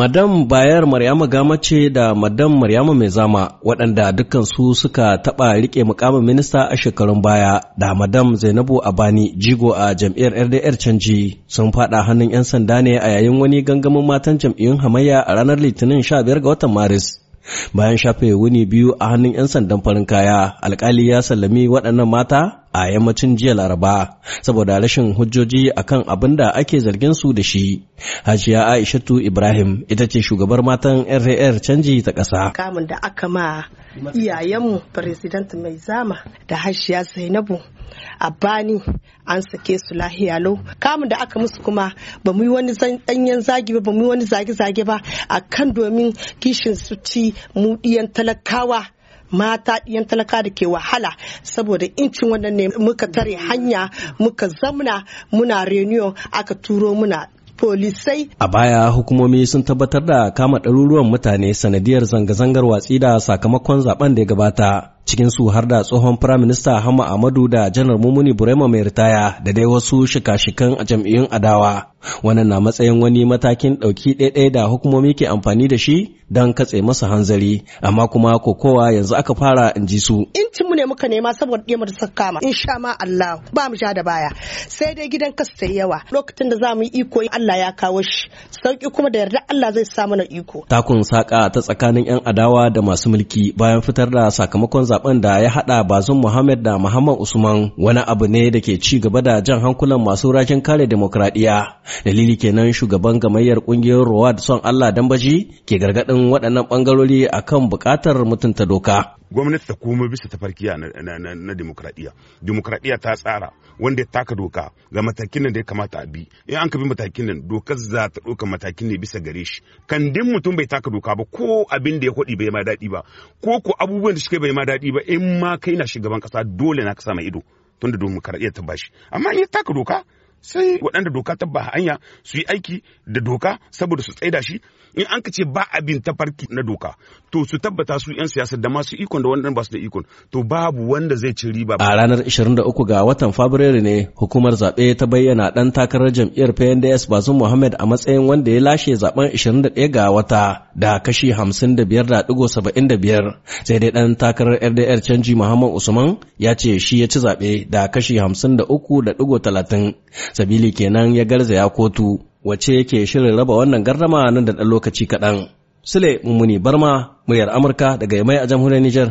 Madam Bayar Maryama Gama ce da Madam Maryama Mai Zama waɗanda dukansu suka taɓa riƙe mukamin minista a shekarun baya da Madam Zainabu Abani jigo a jam'iyyar RDR canji sun faɗa hannun 'yan sanda ne a yayin wani gangamin matan jam'iyyun hamayya a ranar Litinin 15 ga watan Maris. bayan shafe wuni biyu a hannun 'yan sandan farin kaya alkali ya sallami waɗannan mata a yammacin jiya laraba saboda rashin hujjoji akan abin da ake zargin su da shi hajiya aishatu ibrahim ita ce shugabar matan rar canji ta ƙasa kamun da aka ma iyayenmu president mai zama da hashiya zainabu a bani an sake su lahiya lau kamun da aka musu kuma ba mu yi wani danyen zagi ba ba mu yi wani zage-zage ba akan domin kishin su ci mu talakawa mata ɗiyan talaka da ke wahala saboda incin wannan ne muka tare hanya muka zamna muna reunion aka turo muna polisai. A baya hukumomi sun tabbatar da kama ɗaruruwan mutane sanadiyar zanga-zangar watsi da sakamakon zaben da ya gabata. cikin su har da tsohon firaminista Hama Amadu da janar Mumuni Burema mai ritaya da dai wasu shika-shikan a jam'iyyun adawa. Wannan na matsayin wani matakin ɗauki ɗaiɗai da hukumomi ke amfani da shi don katse masa hanzari, amma kuma kokowa yanzu aka fara in ji su. Incin mu ne muka nema saboda ɗiyar da saka ma in sha ma Allah ba mu sha da baya, sai dai gidan kasta yawa lokacin da za mu yi iko Allah ya kawo shi, sauki kuma da yarda Allah zai sa mana iko. Takun saƙa ta tsakanin 'yan adawa da masu mulki bayan fitar da sakamakon zaben da ya hada bazum Muhammad da Muhammad Usman wani abu ne da ke ci gaba da jan hankulan masu rakin kare demokradiyya. Dalili kenan shugaban gamayyar kungiyar Ruwad son Allah Dambaji ke gargadin waɗannan bangarori akan buƙatar mutunta doka. Gwamnati ta koma bisa tafarkiya na, na, na demokradiyya. Demokradiyya ta tsara wanda ya taka doka ga matakin da ya kamata a bi. In an ka bi matakin nan dokar za ta ɗauka matakin ne bisa gare shi. Kan mutum bai taka doka ba ko abin da ya kwaɗi bai ma daɗi ba ko ko abubuwan da suka bai ma daɗi ba in ma kai na shugaban ƙasa dole na ka sa mai ido tunda domin karaɗiyar ta bashi amma in ya taka doka sai waɗanda doka ta ba hanya su yi aiki da doka saboda su tsaida shi in an ka ce ba abin tafarki na doka to su tabbata su 'yan siyasa da masu ikon da wannan ba su da ikon to babu wanda zai ci riba a ranar 23 ga watan fabrairu ne hukumar zaɓe ta bayyana ɗan takarar jam'iyyar pnds bazum muhammad a matsayin wanda ya lashe zaben 21 ga wata da kashi 55.75 sai dai ɗan takarar rdr canji muhammad usman ya ce shi ya ci zaɓe da kashi 53.30 sabili kenan ya garzaya kotu wace yake shirin raba wannan gardama nan da ɗan lokaci kaɗan. Sule Mummuni Barma, muryar Amurka daga Yamai a jamhuriyar Nijar.